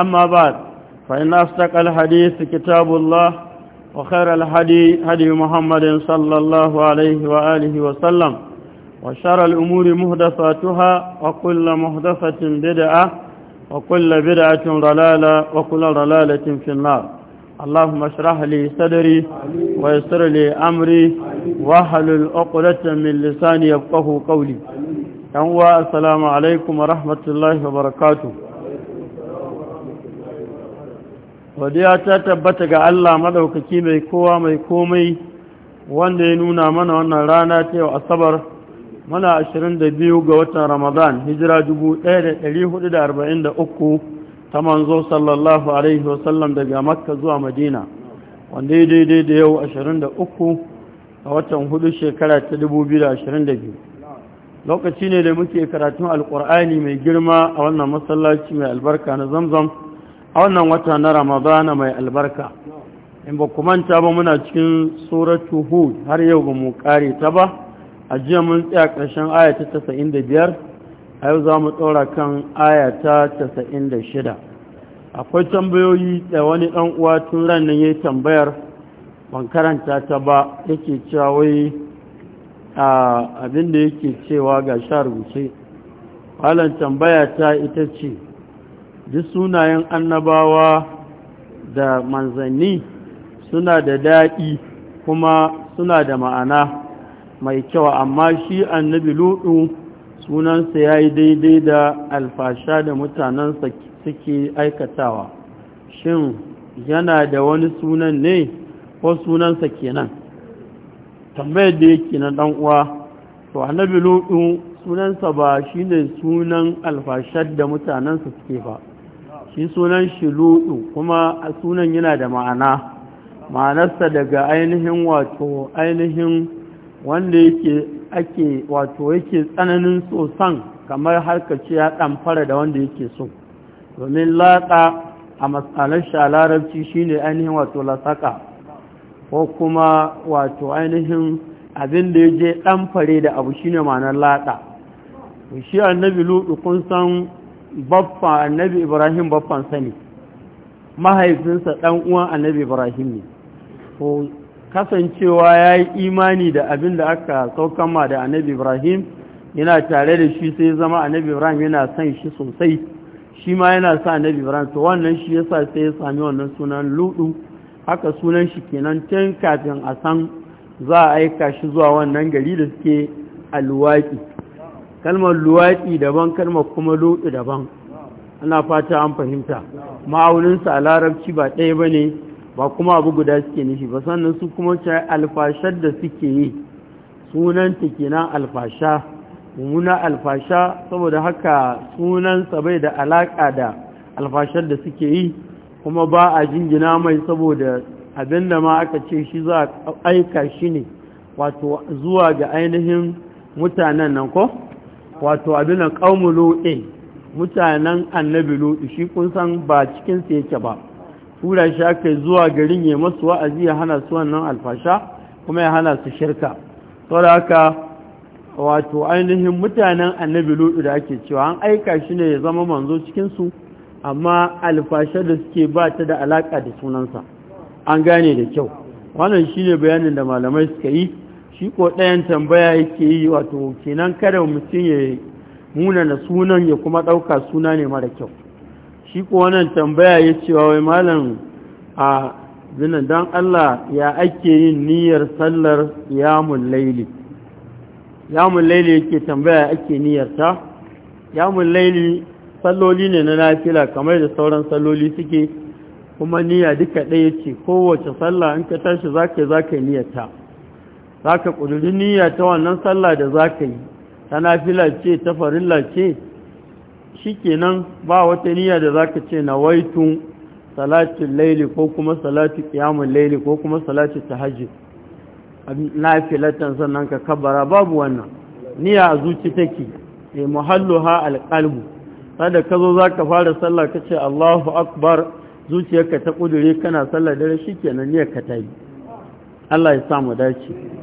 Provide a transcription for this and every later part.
أما بعد فإن أصدق الحديث كتاب الله وخير الهدي هدي محمد صلى الله عليه وآله وسلم وشر الأمور مهدفاتها وكل مهدفة بدعة وكل بدعة ضلالة وكل ضلالة في النار اللهم اشرح لي صدري ويسر لي أمري واحلل عقدة من لساني يفقه قولي أنواع السلام عليكم ورحمة الله وبركاته ya ta tabbata ga Allah madaukaki mai kowa mai komai wanda ya nuna mana wannan rana ta yau asabar mana 22 ga watan ramadan hijira 1443 ta manzo sallallahu alaihi wasallam daga makka zuwa madina wanda ya daidai da yau 23 ga watan hudu shekara ta 2022 lokaci ne da muke karatun alkur'ani mai girma a wannan masallaci mai albarka na zamzam a wannan wata na ramadana mai albarka in ba manta ba muna cikin suratu hud har yau ba mu kare ta ba a jiya mun tsaya ƙarshen ayata tasa'in da biyar a yau za mu tsora kan ayata tasa'in da shida akwai tambayoyi da wani ɗan uwa tun ranar ya yi tambayar ban karanta ta ba yake cewa a abin yake cewa ga sha rubuce halin tambaya ta ita ce duk sunayen annabawa da manzanni suna da daɗi kuma suna da ma'ana mai kyau amma shi annabi ludu sunansa ya yi daidai da alfasha da mutanensa suke aikatawa shin yana da wani sunan ne ko sunansa kenan tambayar da yake na uwa to annabi ludu sunansa ba shi ne sunan alfashar da mutanensa suke ba shi sunan shi luɗu kuma sunan yana da ma'ana ma'anarsa daga ainihin wato ainihin wanda yake ake wato yake tsananin sosan kamar harkaci ya ɗamfara da wanda yake so domin latsa a matsalar shi a larabci shine ainihin wato lasaka ko kuma wato ainihin abin da ya je fare da abu shine ma'anar latsa shi annabi luɗu kun san Babba annabi ibrahim baffan sani mahaifinsa dan uwan annabi ibrahim ne ko kasancewa ya yi imani da abin da aka saukama da annabi ibrahim yana tare da shi sai zama annabi ibrahim yana son shi sosai shi ma yana sa annabi ibrahim to wannan shi yasa sai ya sami wannan sunan ludu haka sunan shi kenan tun kafin a san za a aika shi zuwa wannan gari da suke alwaki kalmar luwaɗi daban kalmar kuma luɗu daban ana fata an fahimta ma'auninsa a larabci ba ɗaya ba ne ba kuma abu guda suke nishi ba sannan su kuma ce alfashar da suke yi sunanta kenan alfasha mummuna alfasha saboda haka sunansa bai da alaƙa da alfashar da suke yi kuma ba a jingina mai saboda abin da ma aka ce shi za a aika shi ne wato zuwa ga ainihin mutanen nan ko wato abin nan ƙaumu lo'e mutanen annabi lo'e shi kun san ba cikinsu yake ba tura shi aka zuwa garin ya masu wa'azi ya hana su wannan alfasha kuma ya hana su shirka saboda haka wato ainihin mutanen annabi lo'e da ake cewa an aika shi ne ya zama manzo cikinsu amma alfasha da suke ba ta da alaƙa da sunansa an gane da kyau wannan shi ne bayanin da malamai suka yi shi ko ɗayan tambaya yake yi wato kenan kada mutum ya muna na sunan ya kuma ɗauka suna ne mara kyau shi ko wannan tambaya ya cewa wai malam a zina don Allah ya ake yin niyyar sallar yamun laili yamun laili yake tambaya ake niyyarta yamun laili salloli ne na nafila kamar da sauran salloli suke kuma niyya duka ɗaya ce kowace sallah in ka tashi za ka yi za ka za ka ƙudiri niyya ta wannan sallah da za ka yi ta nafila ce ta farin lace? shi kenan ba wata niyya da za ka ce na waitun salatin laili ko kuma salatin kiyamun laili ko kuma ta Na tahajjud nafilatan sannan ka kabara babu wannan niyya a zuci take muhallu e muhalluha alƙalmu. sada ka zo za ka fara sallah ka ce Allahu akbar zuciyarka ta ƙuduri kana sallah dare kenan niyyar ka ta tayi Allah ya mu dace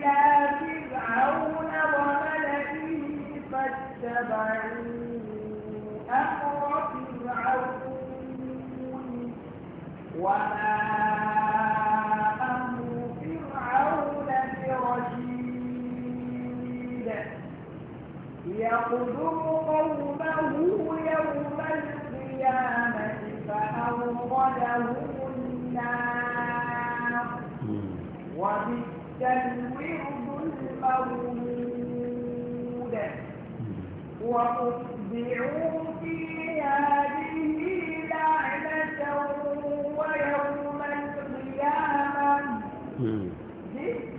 إلى فرعون وملئه فاتبعوا أمر فرعون وما أمر فرعون برشيد يقدم قومه يوم القيامة فأوردهم النار وبئس كالورد المورود وأتبعوا في هذه لعنة ويوم القيامة جئت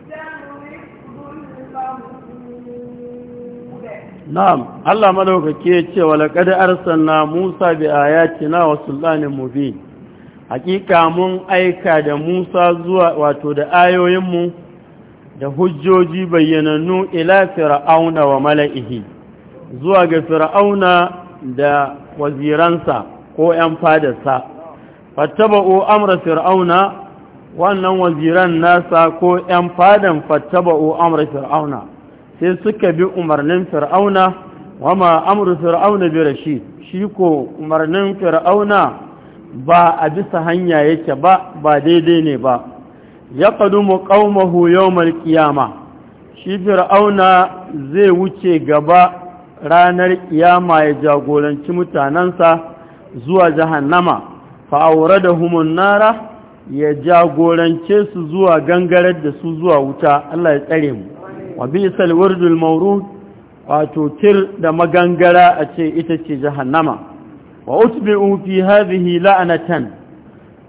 Na'am, Allah madaukake ya ce wa laƙad arsalna Musa bi ayatina wa sultanin mubin. Hakika mun aika da Musa zuwa wato da ayoyinmu da hujjoji bayyanannu ila fir'auna wa mala'ihi zuwa ga fir'auna da waziransa ko ‘yan fadarsa fattaba'u amra fir'auna wannan waziran nasa ko ‘yan fadan fattaba'u amra fir'auna sai suka bi umarnin fir'auna wa ma amru fir'auna bi rashid shi ko umarnin fir'auna ba a bisa hanya yake ba ba daidai ne ba ya kadumu ƙaumahu yau ƙiyama shi fir'auna zai wuce gaba ranar ƙiyama ya jagoranci mutanensa zuwa jahannama fa'aura da humun nara ya jagorance su zuwa gangarar da su zuwa wuta Allah ya tsare mu wa bi salwardul mawrud wato kir da magangara a ce ita ce jahannama wa utbi'u fi hadhihi la'anatan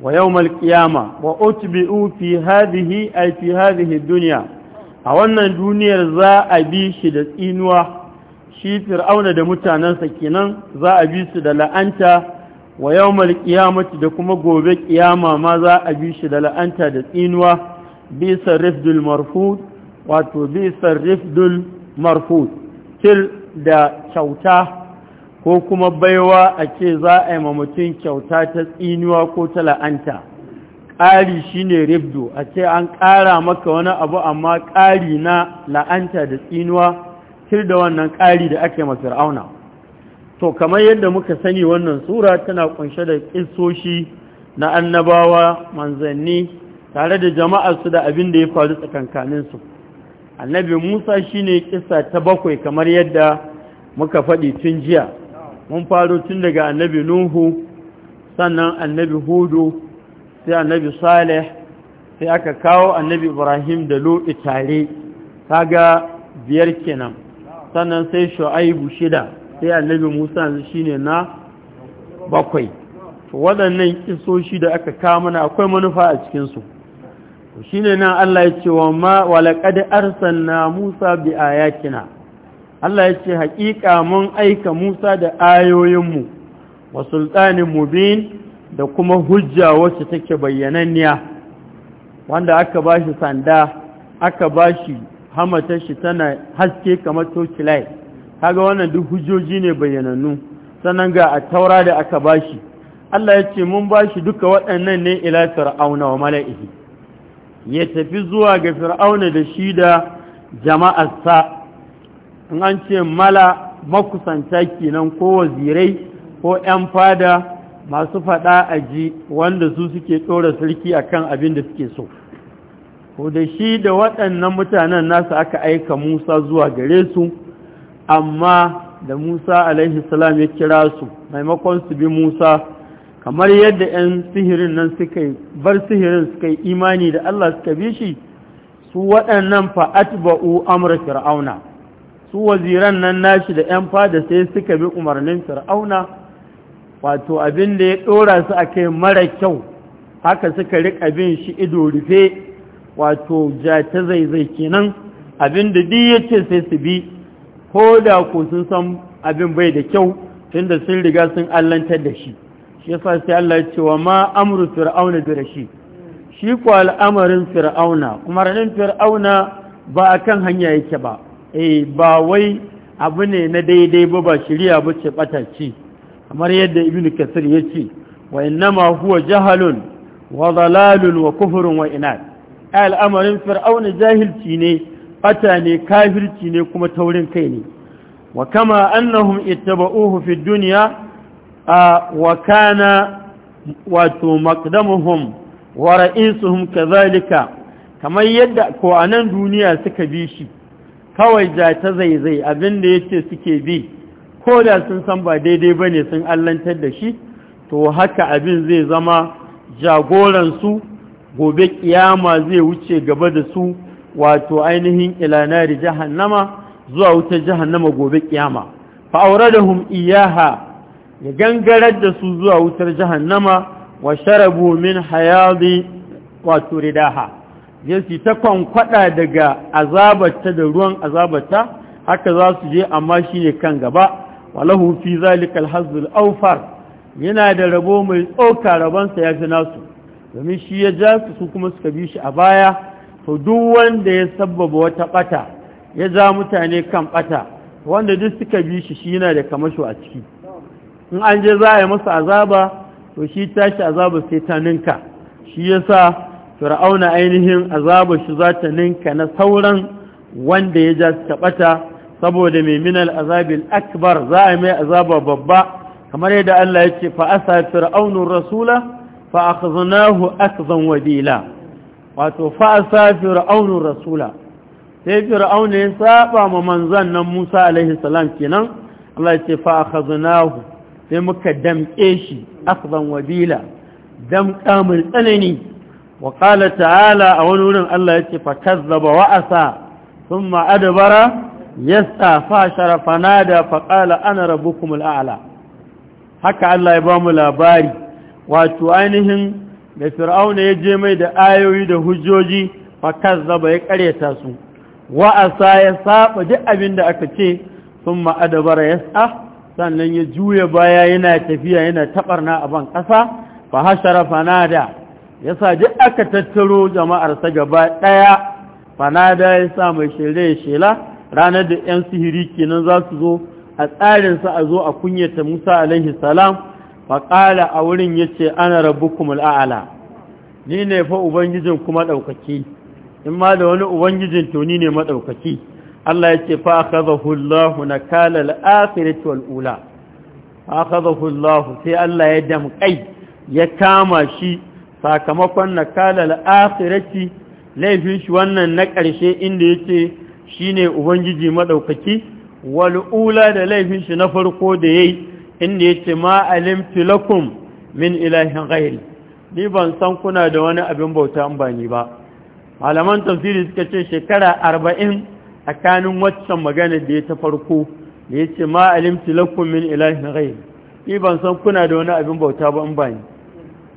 ويوم القيامة وأتبعوا في هذه أي في هذه الدنيا أولا دنيا زاء بيش دسئنوة شي فرعون دمتانا سكينا زاء بيش دلأنت ويوم القيامة دكما قوبة قيامة ما زاء بيش دلأنت دسئنوة بيس الرفد المرفوض واتو بيس الرفد المرفوض كل دا شوتاه ko kuma baiwa a ce za a yi ma mutum kyauta ta tsiniwa ko ta la'anta ƙari shi ne ribdo a ce an ƙara maka wani abu amma ƙari na la'anta da tsiniwa? tir da wannan ƙari da ake ma fir'auna to kamar yadda muka sani wannan sura tana kunshe da ƙisoshi na annabawa manzanni tare da su da abin da ya faru tsakankaninsu annabi musa shi ne kisa ta bakwai kamar yadda muka faɗi tun jiya mun faro tun daga annabi nuhu sannan annabi hudu sai annabi salih sai aka kawo annabi ibrahim da loi tare kaga biyar kenan sannan sai shu'aibu shida sai annabi musa shine na bakwai waɗannan kisoshi da aka kawo mana akwai manufa a cikinsu su ne nan Allah ya ce wa ma walaƙad arsalna musa bi ayatina Allah ya ce haƙiƙa mun aika Musa da ayoyinmu wa sultanin mubin da kuma hujja wacce take bayyananniya wanda aka ba shi sanda aka ba shi hamatar shi tana haske kamar tokilai kaga wannan duk hujjoji ne bayyanannu sannan ga a taura da aka ba shi Allah ya ce mun ba shi duka waɗannan ne ila fir'auna wa mala'ihi ya tafi zuwa ga fir'auna da shi da jama'arsa in an ce mala makusanta kenan ko wazirai ko 'yan fada masu fada a ji wanda su suke tsora sarki a kan abin da suke so ko da shi da waɗannan mutanen nasu aka aika musa zuwa gare su amma da musa alaihi salam ya kira su maimakon su bi musa kamar yadda 'yan sihirin nan suka bar sihirin suka yi imani da allah suka bi shi su waɗannan fa'at ba'u amurka fir'auna su waziran nan nashi da 'yan fada sai suka bi umarnin fir'auna wato abin da ya ɗora su a kai mara kyau haka suka riƙa bin shi ido rufe wato ja ta zaizai kenan abin da duk ya ce sai su bi ko da ku sun san abin bai da kyau da sun riga sun allantar da shi shi yasa sai Allah ya ce wa ma amru fir'auna bi rashid shi ko al'amarin fir'auna umarnin fir'auna ba akan hanya yake ba eh ba wai abu ne na daidai ba ba shirya ba ce ɓatacci kamar yadda ibn kasir ya ce wa ma huwa jahalun wa zalalun wa kufurin wa ina al'amarin fir'auna jahilci ne ɓata ne kafirci ne kuma taurin kai ne wa kama annahum ittaba'uhu fi a wa kana wato maqdamuhum wa ra'isuhum kamar yadda ko anan duniya suka bi shi kawai ja ta zaizai abinda ya ce suke bi ko da sun san ba daidai ba ne sun allantar da shi to haka abin zai zama jagoransu gobe kiyama zai wuce gaba da su wato ainihin ilanari jahannama zuwa wuta jahannama gobe kiyama fa'auradahum iyaha ya gangarar da su zuwa wutar jahannama wa sharabu min hayadi wato ridaha je su ta kwankwada daga azabarta da ruwan azabarta haka za su je amma shi ne kan gaba walahu fi zalikal hazul aufar yana da rabo mai tsoka rabansa ya fi nasu domin shi ya ja su su kuma suka bi shi a baya to duk wanda ya sabbaba wata bata ya ja mutane kan bata wanda duk suka bi shi shi yana da kamasho a ciki in an je za a yi masa azaba to shi tashi azaba sai ta ninka shi yasa fir'auna ainihin azabar shi za ta ninka na sauran wanda ya ja ta bata saboda mai minal azabil akbar za a mai azaba babba kamar yadda Allah ya ce fa asa rasula fa akhadnahu akzan wadila wato fa asa fir'aunur rasula sai fir'auna ya saba ma manzon nan Musa alaihi salam kenan Allah ya ce fa akhadnahu sai muka damke shi akhzan wadila dam kamul tsanani wa ƙala ta'ala a wani wurin Allah ya ce fa kazzaba wa'asa sun ma'adabara ya sharafa na da faƙala ana rabu kumul'ala haka Allah ya ba mu labari wato ainihin da fir'auna ya je mai da ayoyi da hujjoji fa kazzaba ya ƙaryata su wa'asa ya saba duk abin da aka ce sun ma'adabara ya sannan ya juya baya yana tafiya yana taɓarna a ban ƙasa fa hashara fanada yasa duk aka tattaro jama'arsa gaba ɗaya fanada ya sa mai ya shela ranar da 'yan sihiri kenan za su zo a tsarinsa a zo a kunyata musa alaihi salam faƙala a wurin ya ce ana rabu kuma al'ala ni ne fa ubangijin kuma ɗaukaki in ma da wani ubangijin to ni ne maɗaukaki Allah ya ce fa aka zahullahu na kala al'afirat wal'ula fa sai Allah ya damƙai ya kama shi sakamakon na kalar akhirati laifin shi wannan na ƙarshe inda ya ce shi ne ubangiji madaukaki wal'ula da laifin shi na farko da ya yi inda ya ce ma'alim lakum min ilahin ghairi ni ban san kuna da wani abin bauta an bani ba malaman tafsiri suka ce shekara arba'in a kanin waccan magana da ya ta farko da ya ce ma'alim lakum min ilahin ghairi ni ban san kuna da wani abin bauta ba an bani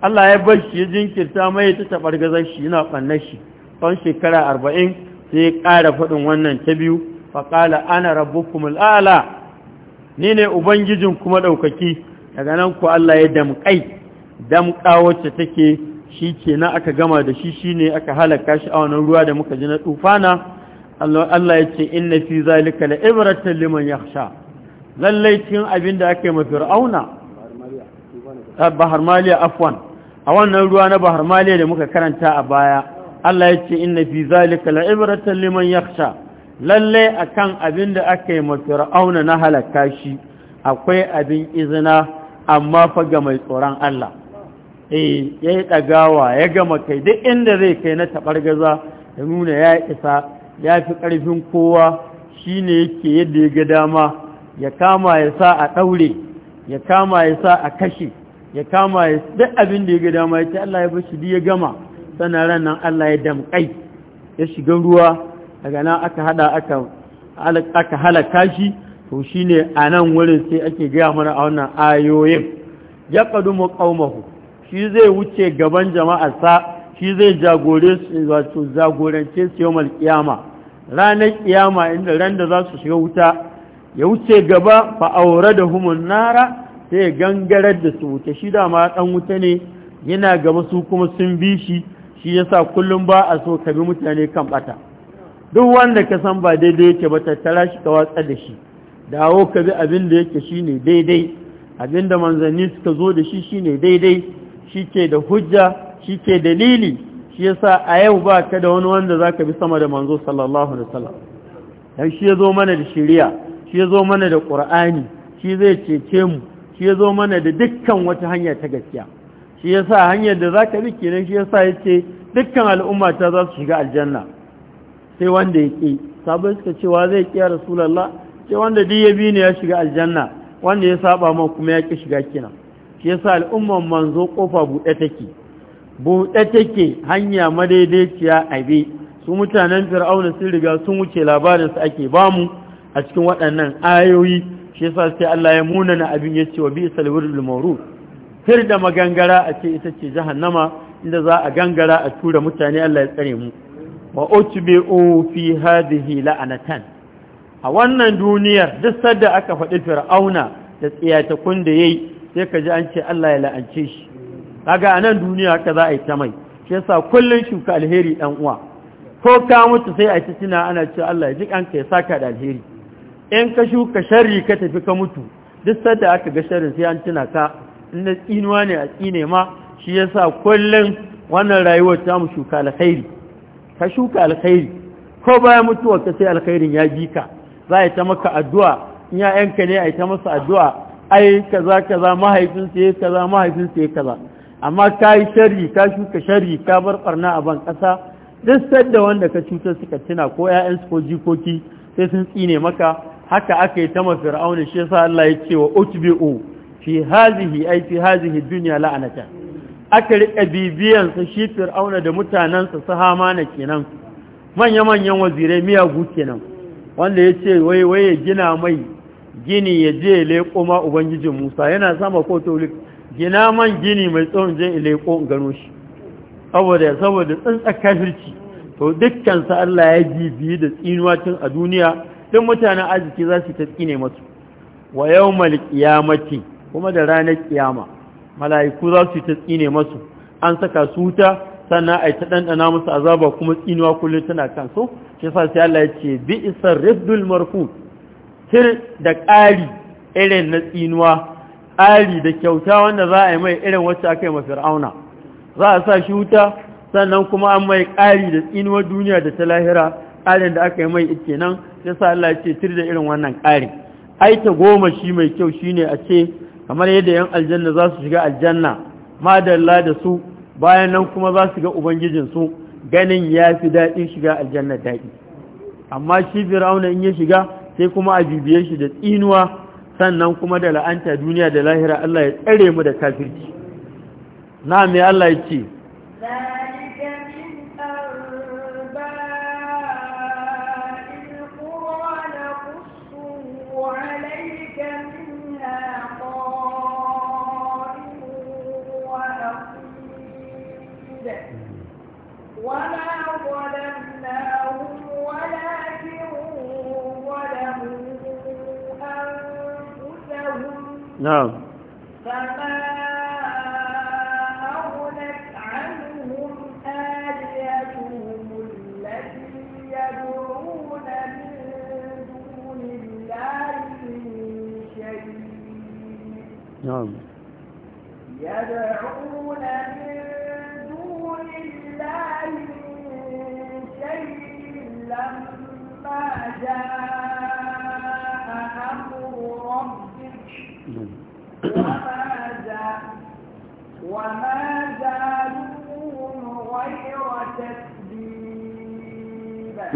Allah ya bar shi ya jinkirta mai ta tabar gazar shi yana bannar shi tsawon shekara arba'in sai ya ƙara faɗin wannan ta biyu faƙala ana rabbukum al'ala ni ne ubangijin kuma ɗaukaki daga nan ku Allah ya damƙai damƙa wacce take shi ke na aka gama da shi shi ne aka halaka shi a wannan ruwa da muka ji na tsufana Allah ya ce inna fi zalika la ibratan liman yakhsha lallai cikin abin da aka yi ma fir'auna bahar maliya afwan a wannan ruwa na bahar maliya da muka karanta a baya Allah ya ce inna fi zalika la'ibratan liman yakhsha lalle akan abin da aka yi ma fir'auna na halaka shi akwai abin izina amma fa ga mai tsoron Allah eh yayi dagawa ya gama kai duk inda zai kai na tabargaza ya nuna ya isa ya fi karfin kowa shine yake yadda ya ga dama ya kama ya sa a daure ya kama ya sa a kashe ya kama ya duk abin da ya ga dama ya ce Allah ya bashi duk ya gama sannan ran Allah ya damƙai ya shiga ruwa daga nan aka hada aka halaka shi to ne a nan wurin sai ake gaya mana a wannan ayoyin ya mu ƙaumahu shi zai wuce gaban jama'arsa shi zai jagore su jagorance su yawmal kiyama ranar ƙiyama inda ran da za su shiga wuta ya wuce gaba fa da humun nara sai gangarar da su wuce shi dama ɗan wuta ne yana gaba su kuma sun bi shi shi ya sa kullum ba a so ka bi mutane kan ɓata duk wanda ka san ba daidai yake ba tattara shi ka watsa da shi dawo ka bi abin da yake shi ne daidai abin da manzanni suka zo da shi shi ne daidai shi ke da hujja shi ke dalili shi ya sa a yau ba ka da wani wanda za ka bi sama da manzo sallallahu alaihi wasallam dan shi zo mana da shari'a shi ya zo mana da qur'ani shi zai cece mu shi ya zo mana da dukkan wata hanya ta gaskiya shi ya sa hanyar da za ka bi kenan shi ya sa ya ce dukkan al'umma ta za su shiga aljanna sai wanda ya ƙi sabon suka cewa zai ƙi ya rasulallah sai wanda duk ya bi ne ya shiga aljanna wanda ya saba man kuma ya ƙi shiga kina shi ya sa al'umman manzo kofa buɗe take buɗe take hanya madaidaiciya a bi su mutanen fir'auna sun riga sun wuce labarinsu ake bamu a cikin waɗannan ayoyi shi yasa sai Allah ya munana abin ya ce wa bi salwurul mawrud fir magangara a ce ita ce jahannama inda za a gangara a tura mutane Allah ya tsare mu wa utbi'u fi hadhihi la'anatan a wannan duniyar duk sadda aka faɗi fir'auna da tsiyatakun da yayi sai ka ji an ce Allah ya la'ance shi kaga a nan duniya haka za a yi ta mai shi yasa kullun shuka alheri dan uwa ko ka mutu sai a ci tuna ana cewa Allah ya ji kanka ya saka da alheri in ka shuka sharri ka tafi ka mutu duk sadda aka ga shari sai an tuna ka inda tsinuwa ne a tsine ma shi sa kullum wannan rayuwar ta mu shuka alkhairi ka shuka alkhairi ko bayan mutuwar ka sai alkhairin ya bi ka za a yi ta maka addu'a in ya'yanka ne a yi ta masa addu'a ai kaza kaza mahaifinsa ya kaza mahaifinsa ya kaza amma ka yi sharri ka shuka sharri ka bar barna a ban ƙasa duk sadda wanda ka cutar suka tuna ko 'ya'yansu ko jikoki sai sun tsine maka haka aka yi ta mafir'auni shi sa Allah ya ce wa utbi'u fi hazihi ai fi hazihi dunya la'anata aka rika bibiyan sa shi fir'auna da mutanansa su na kenan manya manyan wazirai miya miyagu kenan wanda ya ce wai wai ya gina mai gini ya je leƙo ma ubangijin Musa yana sama ko to gina man gini mai tsawon je leƙo gano shi saboda saboda tsantsa kafirci to dukkan sa Allah ya bibiyi da tsinuwa tun a duniya Tun mutanen arziki za su tsine masu wa yau qiyamati kuma da ranar kiyama mala'iku za su tsine masu an saka su wuta sannan yi ta dandana musu azaba kuma tsinuwa kullum tana kan so shi yasa sai Allah ya ce bi isar rifdul marfu tir da ƙari irin na tsinuwa ƙari da kyauta wanda za a yi mai irin wacce aka yi ma fir'auna za a sa shi wuta sannan kuma an mai ƙari da tsinuwar duniya da ta lahira ƙarin da aka yi mai ike nan sa Allah ya ce tir da irin wannan ƙari aita goma shi mai kyau shi ne a ce kamar yadda yan aljanna za su shiga aljanna madalla da su bayan nan kuma za su ga ubangijinsu ganin ya fi daɗi shiga aljanna daɗi amma shi fir'auna in ya shiga sai kuma a bibiye shi da tsinuwa sannan kuma da la'anta duniya da lahira Allah ya tsare mu da kafirci na mai Allah ya ce نعم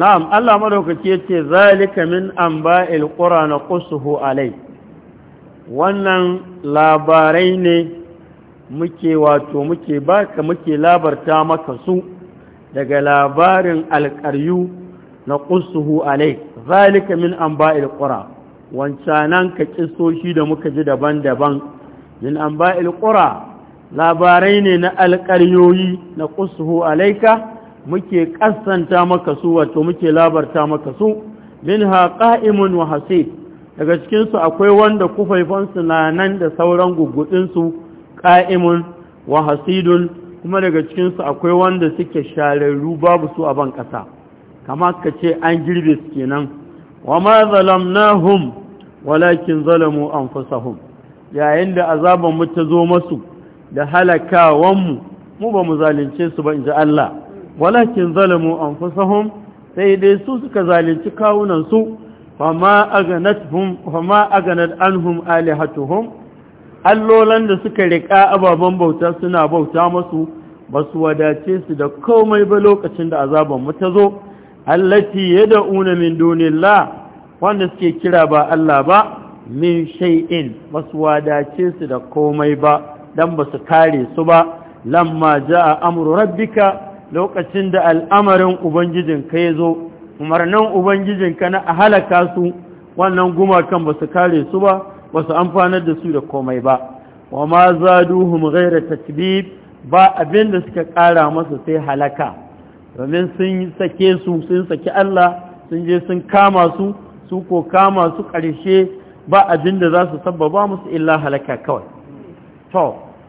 na'am Allah madaukaki yace zalika min na qura naqsuhu alai wannan labarai ne muke wato muke baka muke labarta maka su daga labarin alƙaryu na ƙusuhu alai zalika min anba'il qura wancanan ka kisoshi da muka ji daban-daban min anba'il qura labarai ne na alƙaryoyi na ƙusuhu alaika muke kasanta maka su wato muke labarta maka su minha qa'imun wa hasib daga cikin su akwai wanda kufaifan su na nan da sauran gugudin su qa'imun wa hasidun kuma daga cikin su akwai wanda suke shararru babu su a ban kasa kama ka ce an girbe su kenan wa ma zalamnahum walakin zalamu anfusahum yayin da azaban mu ta zo masu da halakawan mu ba mu zalunce su ba inji Allah walakin zalamu anfusahum sai dai su suka zalunci kawunan su fama aganathum fama aganat anhum alihatuhum allolan da suka riƙa ababen bauta suna bauta masu ba su wadace su da komai ba lokacin da azaban mu ta zo allati yad'una min dunillah wanda suke kira ba Allah ba min shay'in ba su wadace su da komai ba dan ba su kare su ba lamma jaa amru rabbika lokacin da al'amarin ubangijinka ya zo umarnan ka na a halaka su wannan gumakan ba su kare su ba ba su amfanar da su da komai ba wa ma za zaduhum ghayra tatbib ba abin da suka ƙara masa sai halaka domin sun sake su sun saki Allah sun je sun kama su su ko kama su ƙarshe ba abin da za su sabbaba musu illa halaka kawai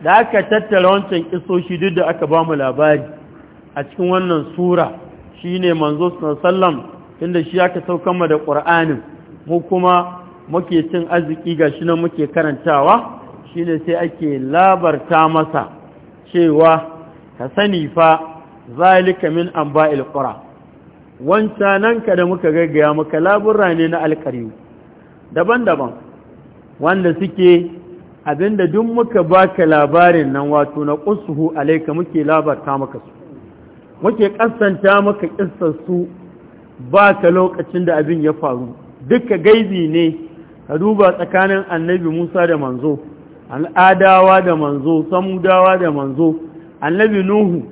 da aka tattara wancan ƙisoshi duk da aka ba mu labari a cikin wannan sura shi ne manzo sallam inda shi aka sauka da Qur'anin mu kuma muke cin arziki shi nan muke karantawa shi ne sai ake labarta masa cewa ka sani fa zalika min anba'il qura wancanan ka da muka gaggaya muka labura ne na alƙariyu daban-daban wanda suke abinda duk muka baka labarin nan wato na ƙusuhu alaika muke labarta maka su muke kasanta maka kissar su ba ka lokacin da abin ya faru duka gaibi ne ka duba tsakanin annabi Musa da manzo al'adawa da manzo samudawa da manzo annabi Nuhu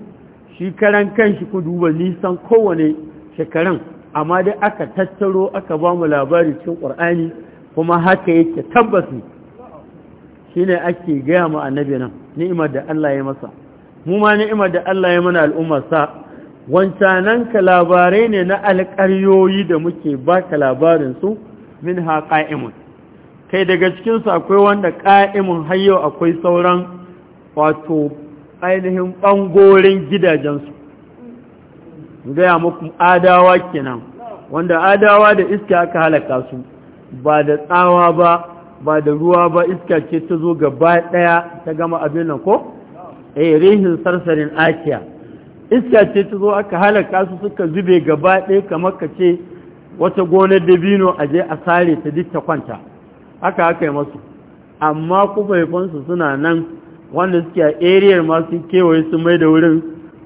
shi karan kanshi ku duba nisan kowane shekaran amma dai aka tattaro aka ba mu labari cikin ƙwar'ani kuma haka yake tabbas ne shi ne ake gaya ma annabi nan ni'imar da Allah ya masa mu ma ni'imar da Allah ya mana al'ummarsa wancanan ka labarai ne na alƙaryoyi da muke ba ka labarinsu min ha ƙa'imun kai daga cikinsu akwai wanda ƙa'imun har yau akwai sauran wato ainihin ɓangorin gidajensu gaya muku adawa kenan wanda adawa da iska aka halaka su ba da tsawa ba ba da ruwa ba iska ce ta zo gaba ɗaya ta gama abin nan ko? eh rihin sarsarin akiya iska ce ta zo aka halaka su suka zube gaba ɗaya kamar ka ce wata gonar dabino a je a sare ta duk ta kwanta haka haka yi masu amma kuma kufaifansu suna nan wanda suke a ariyar masu kewaye su mai da wurin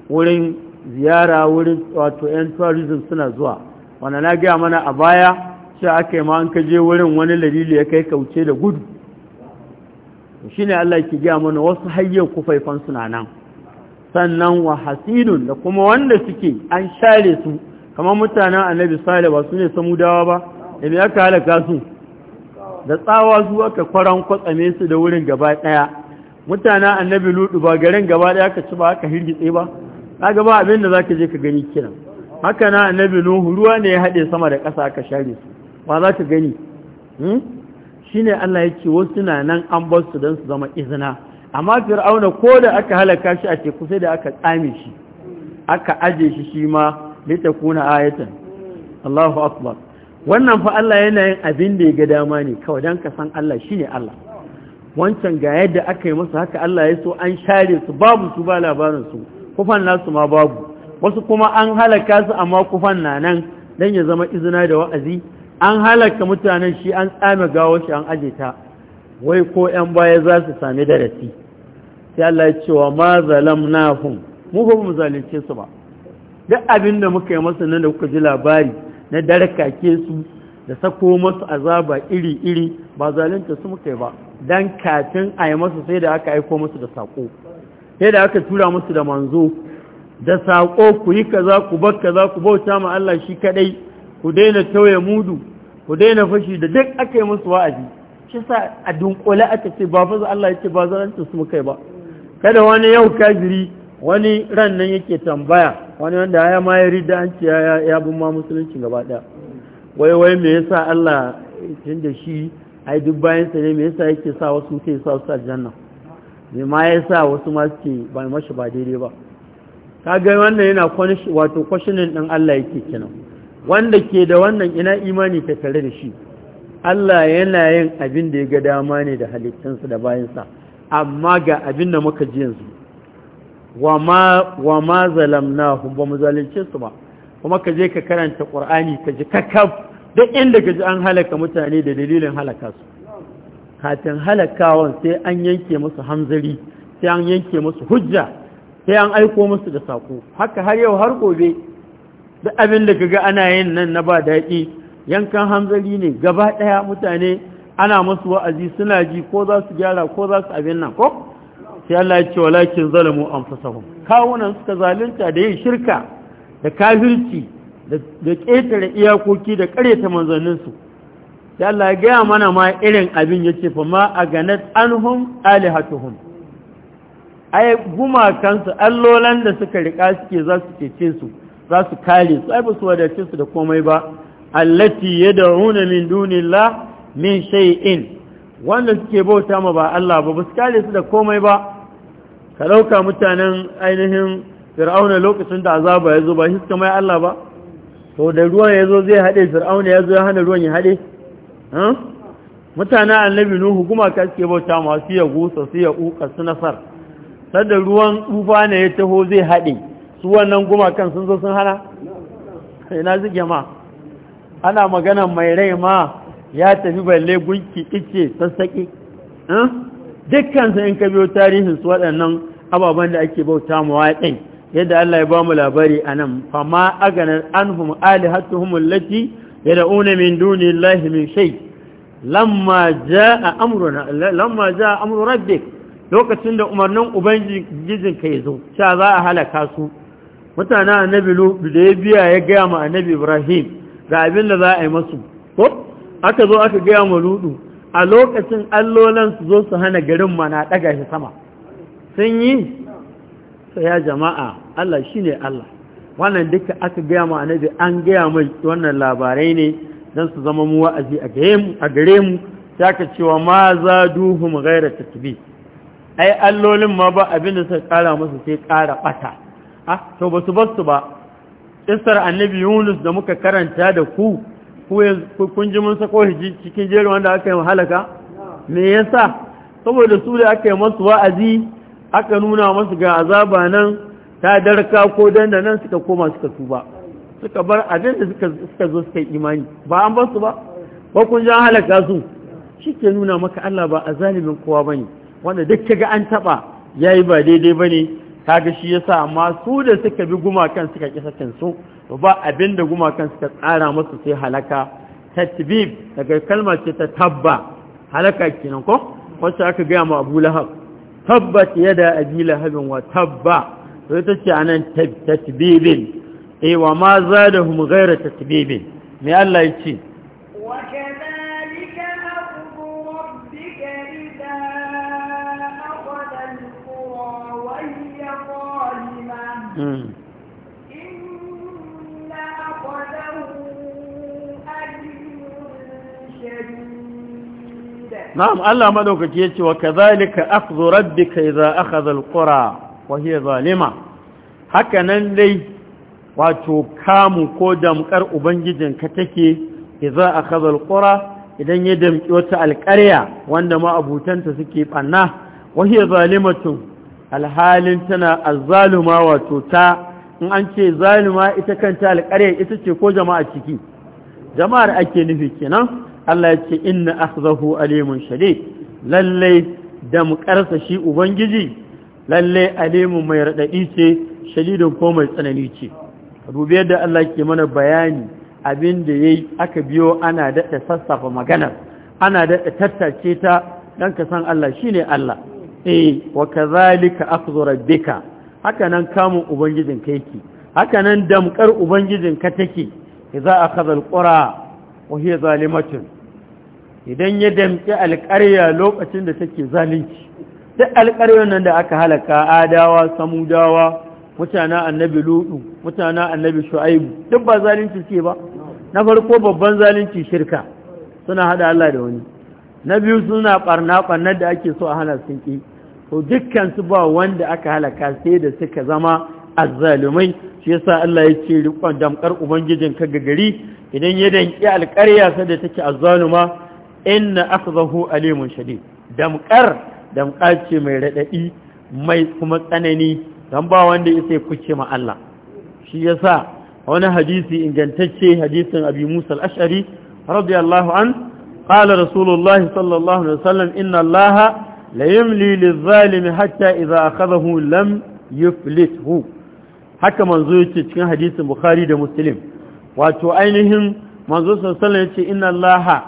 wurin ziyara wurin wato 'yan tourism suna zuwa wanda na gaya mana a baya shi aka yi ma an kaje wurin wani dalili ya kai kauce da gudu shi ne Allah ke gaya mana wasu hayyar kufaifan suna nan sannan wa hasidun da kuma wanda suke an share su kamar mutanen annabi sale ba su ne samudawa ba da me aka halaka su da tsawa su aka kwaran kwatsame su da wurin gaba ɗaya mutanen annabi ludu ba garin gaba ɗaya aka ci ba aka hirgitse ba kaga ba abin da zaka je ka gani kiran haka na annabi nuhu ruwa ne ya haɗe sama da ƙasa aka share su ba za ka gani hmm? shine Allah yake wasu na nan an bar su don su zama izina amma fir'auna ko da aka halaka shi a teku sai da aka tsame shi aka aje shi shi ma kuna ayatan Allahu akbar wannan fa Allah yana yin abin da ya ga dama ne kawai dan ka san Allah shine Allah wancan ga yadda aka yi masa haka Allah ya so an share su babu su ba labarin su kufan nasu ma babu wasu kuma an halaka su amma kufan na nan dan ya zama izina da wa'azi an halarta mutanen shi an tsame gawo shi an aje ta wai ko 'yan baya za su sami darasi sai Allah ya cewa ma mu ba mu zalunce su ba duk abin da muka yi masa nan da kuka ji labari na darakake su da sako masu azaba iri-iri ba zalunta su muka yi ba dan katin a yi masu sai da aka aiko masu da sako sai da aka tura masu da manzo da sako ku yi kaza ku bakka za ku bauta ma Allah shi kadai ku daina tauye mudu ku daina fashi da duk aka yi musu wa'azi shi sa a dunkule aka ce ba fa Allah ya ce ba zalunta su kai ba kada wani yau kajiri wani ran nan yake tambaya wani wanda ya ma ya rida an ce ya bin ma musulunci gaba daya wai wai me yasa Allah tun da shi ai duk bayan sa ne me yasa yake sa wasu sai sa su aljanna me ma yasa wasu ma suke ba mashi ba daidai ba kaga wannan yana wato kwashinin din Allah yake kenan wanda ke da wannan ina imani ta tare da shi Allah yana yin abin da ya ga dama ne da halittunsa da bayansa amma ga abin da muka ji yanzu wa ma zalamna ba mu zalunce su ba kuma ka je ka karanta ƙur'ani ka ji kakaf duk inda ka ji an halaka mutane da dalilin halaka su kafin halakawan sai an yanke musu hanzari, sai an yanke musu hujja sai an aiko musu da saƙo haka har yau har gobe duk abin da kaga ana yin nan na ba daɗi yankan hanzari ne gaba ɗaya mutane ana musu wa'azi suna ji ko za su gyara ko za su abin nan ko sai Allah ya ce walakin zalamu anfusahum kawunan suka zalunta da yin shirka da kafirci da ƙetare iyakoki da ƙareta manzanninsu sai Allah ya gaya mana ma irin abin ya ce fa ma a ganat anhum alihatuhum ai gumakansu allolan da suka riƙa suke za su cece su za su kare su ai su wadace su da komai ba allati yad'una min dunillah min shay'in wanda suke bauta ma ba Allah ba su kare su da komai ba ka dauka mutanen ainihin fir'auna lokacin da azaba ya zo ba shi suka mai Allah ba to da ruwan ya zo zai haɗe fir'auna ya zo ya hana ruwan ya haɗe mutanen annabi nuhu kuma ka suke bauta su ya gusa su ya uka su nasar sadda ruwan ufa ne ya taho zai haɗe su wannan gumakan sun zo sun hana ina zige ma ana magana mai rai ma ya tafi balle gunki ice sassaƙi dukkan in ka biyo tarihin su waɗannan ababen da ake bauta ma waɗin yadda Allah ya ba mu labari a nan fama aganar anhum alihatuhum allati una min duni llahi min shay lamma jaa amruna lamma jaa amru rabbik lokacin da umarnin ubangijin ka yazo cha za a halaka su mutanen annabi lubu da ya biya ya gaya ma annabi ibrahim ga abin da za a yi masu ko aka zo aka gaya ma lubu a lokacin allolan su zo su hana garin mana daga shi sama sun yi ya jama'a Allah shi ne Allah wannan duka aka gaya ma annabi an gaya mai wannan labarai ne don su zama mu wa'azi a gare mu ya ka cewa ma za mu gaira tatbi ai allolin ma ba abin da suka kara musu sai kara ɓata. ah to ba su ba su ba isar annabi yunus da muka karanta da ku kun ji mun sako hiji cikin jerin wanda aka yi halaka me yasa saboda su da aka yi masu wa'azi aka nuna masu ga azaba nan ta darka ko nan suka koma suka tuba suka bar abin da suka zo suka yi imani ba an basu ba ba kun ji halaka su shi ke nuna maka Allah ba a zalimin kowa ba wanda duk kaga an taɓa yayi ba daidai bane kaga shi yasa amma su da suka bi gumakan suka ƙi sakin su ba abin da gumakan suka tsara musu sai halaka tatbib daga kalmar ce ta tabba halaka kenan ko wacce aka gaya ma abu lahab tabbat yada abi lahabin wa tabba to ita ce anan tatbibin eh wa ma zadahum ghayra tatbibin me Allah ya ce Hmm. na'am Allah madaukaki yace wa kadhalika akhdhu rabbika idza akhadha alqura wa hiya zalima haka nan dai wato kamu ko damƙar damkar ka take idza akhadha alqura idan ya damki wata alƙarya wanda ma abutanta suke banna wa hiya zalimatun alhalin tana azzaluma wato ta in an ce zaluma ita kanta alƙarya ita ce ko jama'a ciki jama'ar ake nufi kenan Allah ya ce inna akhzahu alimun shadid lalle da mu karsa shi ubangiji lalle alimun mai radadi ce shadidun ko mai tsanani ce dubi yadda Allah ke mana bayani abin da yayi aka biyo ana daɗa sassafa magana ana daɗa tattace ta dan ka san Allah shine Allah eh wa kazalika akhdhu rabbika haka nan kamun ubangijin ka yake haka nan damkar ubangijin ka take idza akhadha alqura wa hiya zalimatun idan ya damki alƙarya lokacin da take zalunci duk alqaryon nan da aka halaka adawa samudawa mutana annabi ludu mutana annabi shu'aibu duk ba zalunci ce ba na farko babban zalunci shirka suna hada Allah da wani na biyu suna barna barnar da ake so a hana sun ƙi. to dukkan su ba wanda aka halaka sai da suka zama azzalumai shi yasa Allah ya ce riƙon damƙar ubangijin ka ga gari idan ya danki alƙarya sai da take azzaluma inna akhdahu alimun shadid damƙar damƙa ce mai raɗaɗi mai kuma tsanani dan ba wanda yake kuce ma Allah shi yasa wani hadisi ingantacce hadisin Abi Musa al-Ash'ari radiyallahu an qala rasulullahi sallallahu alaihi wasallam inna allaha la yamli lizalimi hatta idza akhadahu lam yuflithu haka manzo yace cikin hadisin bukhari da muslim wato ainihin manzo sallallahu alaihi yace inna allaha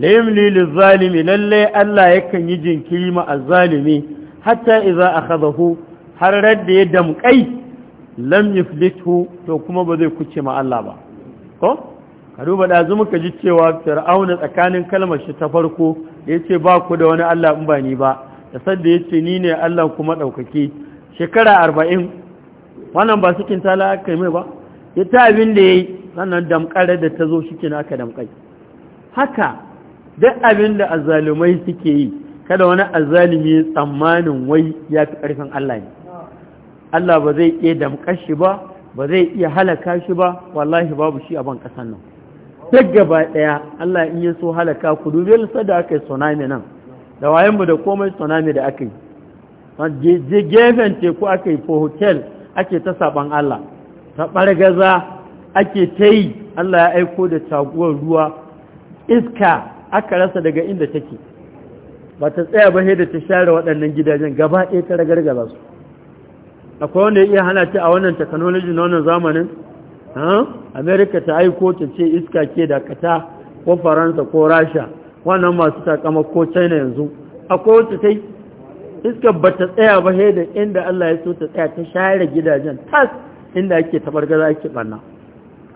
la yamli lizalimi lalle Allah yakan yi jinkiri ma azzalimi hatta idza akhadahu har radda ya damkai lam yuflithu to kuma ba zai kuce ma Allah ba ko ka duba da zuma ka ji cewa fir'auna tsakanin kalmar shi ta farko yace ba ku da wani Allah in ba ni ba da sadda ya ce ni ne Allah kuma ɗaukake shekara arba'in wannan ba cikin tala aka mai ba ya ta abin da ya yi sannan da ta zo shikin aka damƙai haka duk abin da azalumai suke yi kada wani azalumi tsammanin wai ya fi ƙarfin Allah ne Allah ba zai iya damƙar shi ba ba zai iya halaka shi ba wallahi babu shi a ban ƙasar nan duk gaba ɗaya Allah in ya so halaka ku dubi lissa tsunami nan da wayanmu da komai tsunami da aka yi je gefen teku aka yi ko hotel ake ta saban Allah ta gaza ake ta Allah ya aiko da taguwar ruwa iska aka rasa daga inda take ba ta tsaya ba da ta share waɗannan gidajen gaba ɗaya ta ragargaza su akwai wanda ya iya hana ta a wannan technology na wannan zamanin amerika ta aiko ta ce iska ke dakata ko faransa ko rasha wannan masu takama ko china yanzu akwai wata sai, iska iskar ba ta tsaya ba da inda allah ya so ta tsaya ta share gidajen tas inda ake gaza ake ɓanna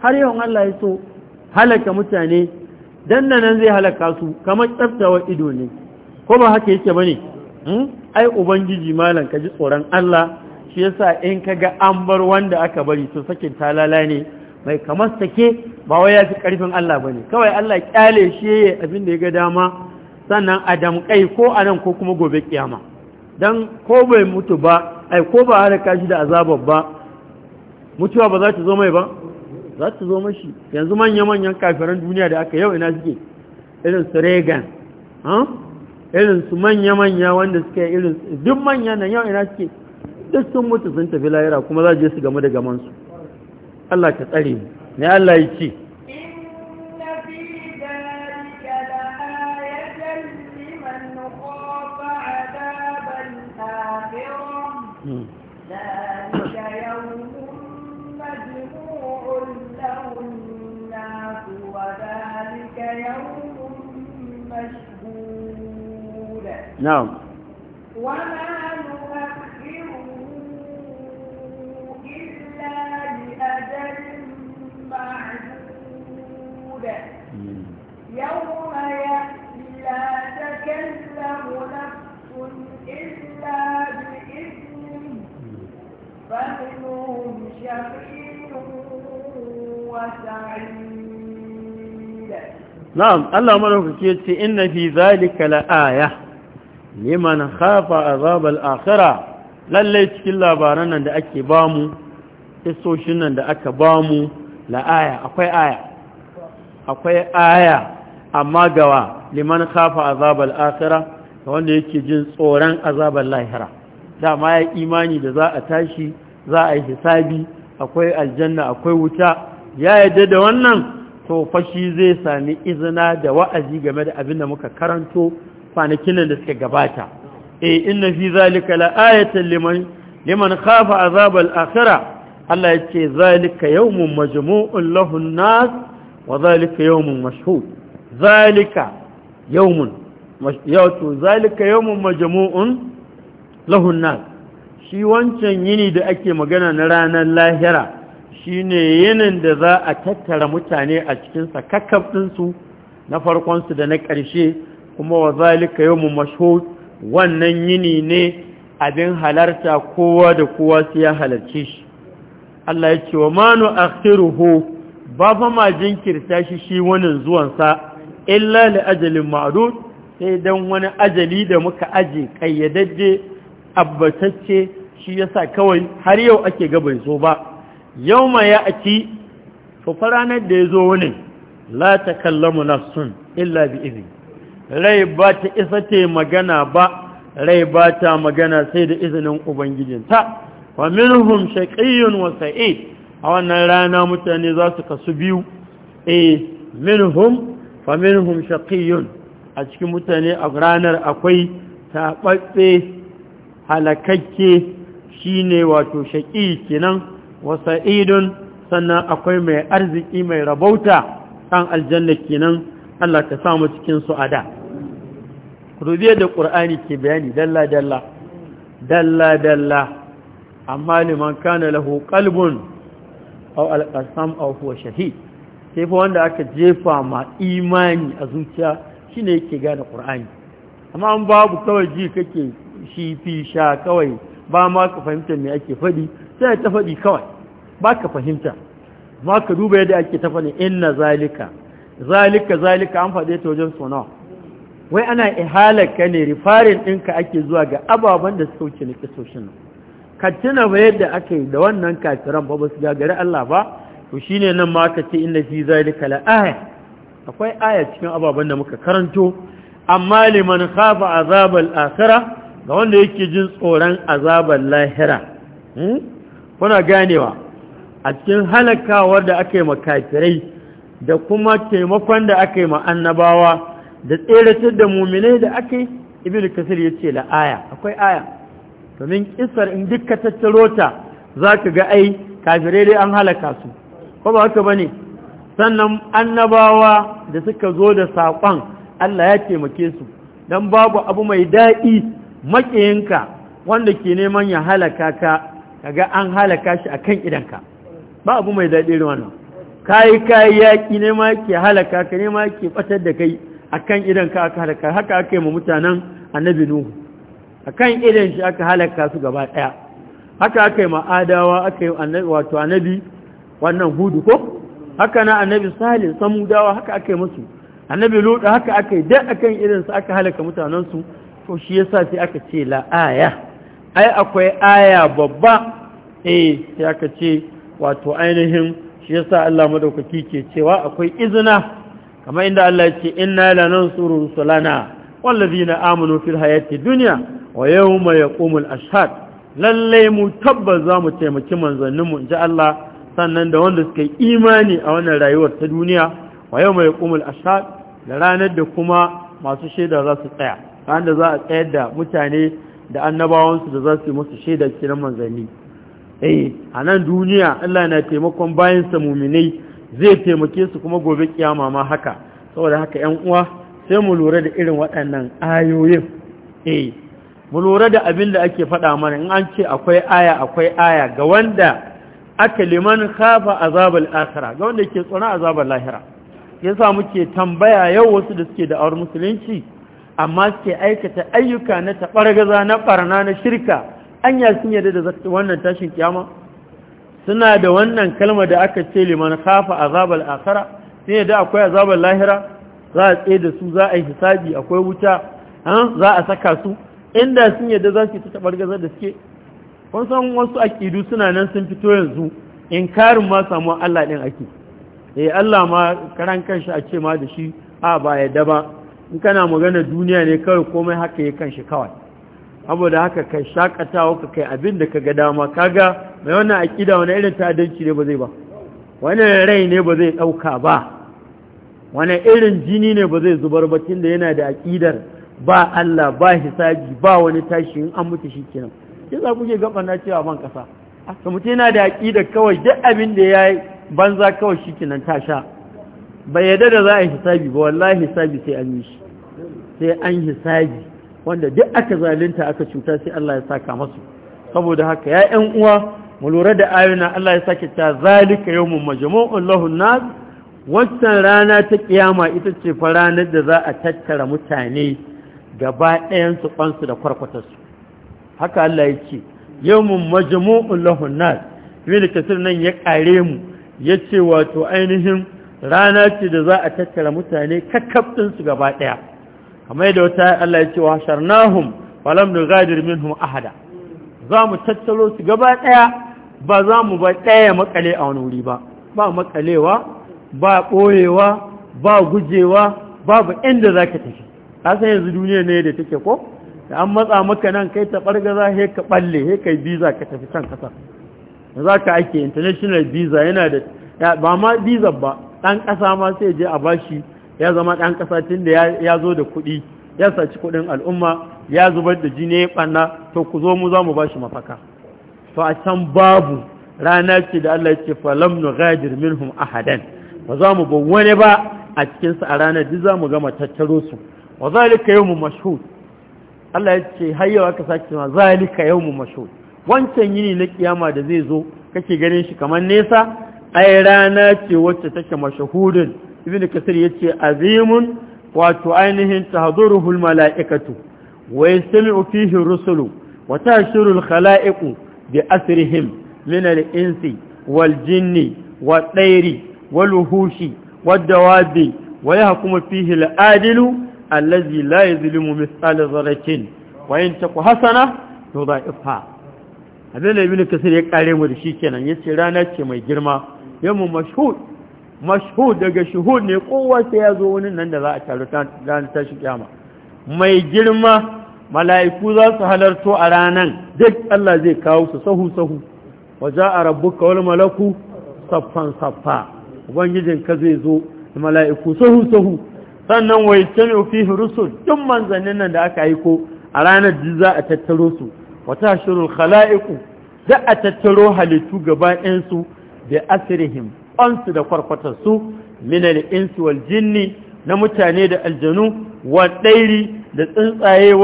har yawan allah ya so halaka mutane dandanan nan zai halaka su kamar tsaftawa ido ne ko ba haka yake ba ne hmm? ai ubangiji malam ka ji tsoron allah shi yasa in ka ga an bar wanda aka bari su sakin talala ne Mai kamar take ba wai ya fi ƙarfin Allah ba ne kawai Allah ƙyale shi ya abin da ya ga dama sannan a damƙai ko a nan ko kuma gobe ƙiyama don ko bai mutu ba ai ko ba har kashi da azabar ba mutuwa ba za ta zo mai ba za ta zo mashi yanzu manya-manyan kafiran duniya da aka yau ina suke irin su reagan irin su manya-manya wanda suke irin duk manya nan yau ina suke duk sun mutu sun tafi lahira kuma za su je su game da gamansu Allah ka tsare mu ne Allah ya ce نعم na'am Allah madaukake ya ce inna fi zalika la'aya liman khafa azab al-akhirah lalle cikin labaran nan da ake bamu isoshin nan da aka bamu la'aya akwai aya akwai aya amma gawa liman khafa azab al-akhirah wanda yake jin tsoron azabar lahira dama ya imani da za a tashi za a yi hisabi akwai aljanna akwai wuta ya yadda da wannan to fashi zai sami izina da wa'azi game da abin da muka karanto kwanakin da suka gabata eh inna fi zalika la'ayatan liman liman khafa azab al-akhirah Allah yace zalika yawmun majmu'un lahu an-nas wa zalika yawmun mashhud zalika yawmun to zalika yawmun majmu'un lahu an-nas shi wancan yini da ake magana na ranar lahira shine yinin da za a tattara mutane a cikinsa kakkaf na farkonsu da na ƙarshe kuma wa zalika yau mu mashhur wannan yini ne abin halarta kowa da kowa su ya halarci shi Allah ya ce wa manu akhiruhu ba fa ma jinkirta shi shi wannan zuwansa illa li ajalin ma'adu sai don wani ajali da muka ajiye kayyadadde abbatacce shi yasa kawai har yau ake ga bai zo ba yau ma ya aki fafaranar ranar da ya zo wani la ta na sun illa bi izini rai ba ta isa ce magana ba rai ba ta magana sai da izinin ubangijinta wa minuhun shaƙiyun wasa e a wannan rana mutane za su kasu biyu e minhum fa minhum shaƙiyun a cikin mutane a ranar akwai taɓaɓɓe halakakke ne wato shaƙi kenan wa sa'idun sannan akwai mai arziki mai rabauta ɗan aljanna kenan Allah ka samu cikin su ada rubiyar da ƙur'ani ke bayani dalla dalla dalla dalla amma liman kana lahu qalbun aw alqasam aw huwa shahid sai fa wanda aka jefa ma imani a zuciya shine yake gane ƙur'ani amma an babu kawai ji kake shi fi sha kawai ba ma ka fahimta me ake faɗi sai ta faɗi kawai ba ka fahimta ma ka duba yadda ake ta faɗi inna zalika zalika zalika an faɗe ta wajen suna wai ana ihalaka ne rifarin ɗinka ake zuwa ga ababen da suka wuce na kisoshin nan ka tuna ba yadda aka yi da wannan kafiran ba ba su gagari Allah ba to ne nan ma ka ce inna fi zalika la aya akwai aya cikin ababen da muka karanto amma liman khafa azabal akhirah ga wanda yake jin tsoron azabal lahira hmm? kuna ganewa a cikin halakawar da aka yi makafirai da kuma taimakon da aka yi annabawa da tseratar da muminai da aka yi ibini kasir ya ce la'aya, aya akwai aya domin isar in duka tattaro ta za ka ga ai kafirai dai an halaka su ko ba haka ba ne sannan annabawa da suka zo da saƙon allah ya taimake su don babu abu mai daɗi maƙiyinka wanda ke neman ya halaka ka kaga an halaka shi akan idanka ba abu mai daɗi irin wannan kai kai yaƙi ne ma ke halaka ka ne ma ke ɓatar da kai akan idanka aka halaka haka aka yi mu mutanen annabi nuhu akan idan shi aka halaka su gaba ɗaya haka aka yi adawa aka yi wato annabi wannan hudu ko haka na annabi salih samudawa haka aka yi musu annabi luɗa haka aka yi da akan irinsu aka halaka mutanensu to shi yasa sai aka ce la'aya ai akwai aya babba eh ya ka ce wato ainihin shi yasa Allah madaukaki ke cewa akwai izina kamar inda Allah ya ce inna nansuru rusulana ladina amanu fil hayati dunya wa yawma yaqumul ashhad lalle mu tabbas za mu taimaki manzannin in inji Allah sannan da wanda suka yi imani a wannan rayuwar ta duniya wa yawma yaqumul ashhad da ranar da kuma masu shaida za su tsaya ranar da za a tsayar da mutane da annabawansu da za su yi musu shaidar kiran manzanni eh a nan duniya Allah na taimakon bayan sa muminai zai taimake su kuma gobe kiyama ma haka saboda haka ƴan uwa sai mu lura da irin waɗannan ayoyin eh mu lura da abin da ake faɗa mana in an ce akwai aya akwai aya ga wanda aka liman khafa azabul akhirah ga wanda yake tsoron azabar lahira yasa muke tambaya yau wasu da suke awar musulunci amma suke aikata ayyuka na gaza na ɓarna na shirka an ya sun yadda da wannan tashin kyama suna da wannan kalma da aka ce liman kafa azabar akara sai yadda akwai azabar lahira za a tsaye da su za a yi hisabi akwai wuta za a saka su inda sun yadda za su yi ta gaza da suke kun san wasu akidu suna nan sun fito yanzu in karin ma samu Allah din ake eh Allah ma karan kanshi a ce ma da shi a ba yadda ba in kana magana duniya ne kawai komai haka ya kanshi kawai saboda haka kai shakatawa ka kai abin da ka ga dama kaga mai wannan akida wani irin ta'addanci ne ba zai ba wani rai ne ba zai ɗauka ba wani irin jini ne ba zai zubar ba tunda yana da aƙidar ba Allah ba hisabi ba wani tashi in an mutu shi kenan shi za ku ke gaban na cewa ban ƙasa ka ah, mutu yana da aƙidar kawai duk abin da ya yi banza kawai shi kenan ta sha bai yadda da za a yi hisabi ba wallahi hisabi sai an yi shi sai an hisabi wanda duk aka zalunta aka cuta sai Allah ya saka masu saboda haka ya ƴan uwa mu lura da ayuna Allah ya sake ta zalika yawmun majmu'un lahun nas wannan rana ta kiyama ita ce fa da za a tattara mutane gaba ɗayan su kwansu da kwarkwatarsu haka Allah ya ce yawmun majmu'un lahun nas wani kasir nan ya kare mu ya ce wato ainihin rana ce da za a tattara mutane kakkaftin su gaba ɗaya kamar yadda wata Allah ya ce wa sharnahum falam nughadir minhum ahada za mu tattalo su gaba daya ba za mu ba daya makale a wani wuri ba ba makalewa ba boyewa ba gujewa babu inda zaka tafi kasan yanzu duniya ne da take ko da an matsa maka nan kai ta za he ka balle he kai visa ka tafi can kasa za ka ake international visa yana da ba ma visa ba ɗan ƙasa ma sai je a bashi ya zama ɗan ƙasa tun da ya zo da kuɗi ya saci kuɗin al'umma ya zubar da jini ya ɓanna to ku zo mu za mu ba shi mafaka to a can babu rana ce da Allah ce falam nu gajir minhum ahadan ba za mu bar wani ba a cikin a ranar duk za mu gama tattaro su wa zalika mu mashhud Allah ya ce har yau aka sake ma zalika mu mashhud wancan yini na kiyama da zai zo kake ganin shi kamar nesa ai rana ce wacce take mashahudin ibn kasir yace azimun wato ainihin tahduruhu mala'ikatu wa yastami'u fihi rusulu wa tashiru al-khala'iqu bi asrihim min al-insi wal jinni wal tayri wal wuhushi wad dawabi wa yahkumu fihi al-adilu allazi la yuzlimu mithqala dharratin wa in taku hasana yudha'ifha abin da ibn kasir ya kare mu da shi kenan yace rana ce mai girma yammu mashhur mashhud daga shuhud ne kowace ya zo wani nan da za a taru ranar tashi kyama mai girma mala'iku za su halarto a ranan duk Allah zai kawo su sahu sahu waje a rabbuka wal malaku saffan saffa ubangijin ka zai zo mala'iku sahu sahu sannan wai tamiu fi rusul duk manzannin nan da aka aiko a ranar da za a tattaro su wata shirul khala'iku da a tattaro halittu gaba ɗayansu da asirihim kwansu da kwarkwatarsu minal insi wal jinni na mutane da aljanu waɗairi da tsuntsaye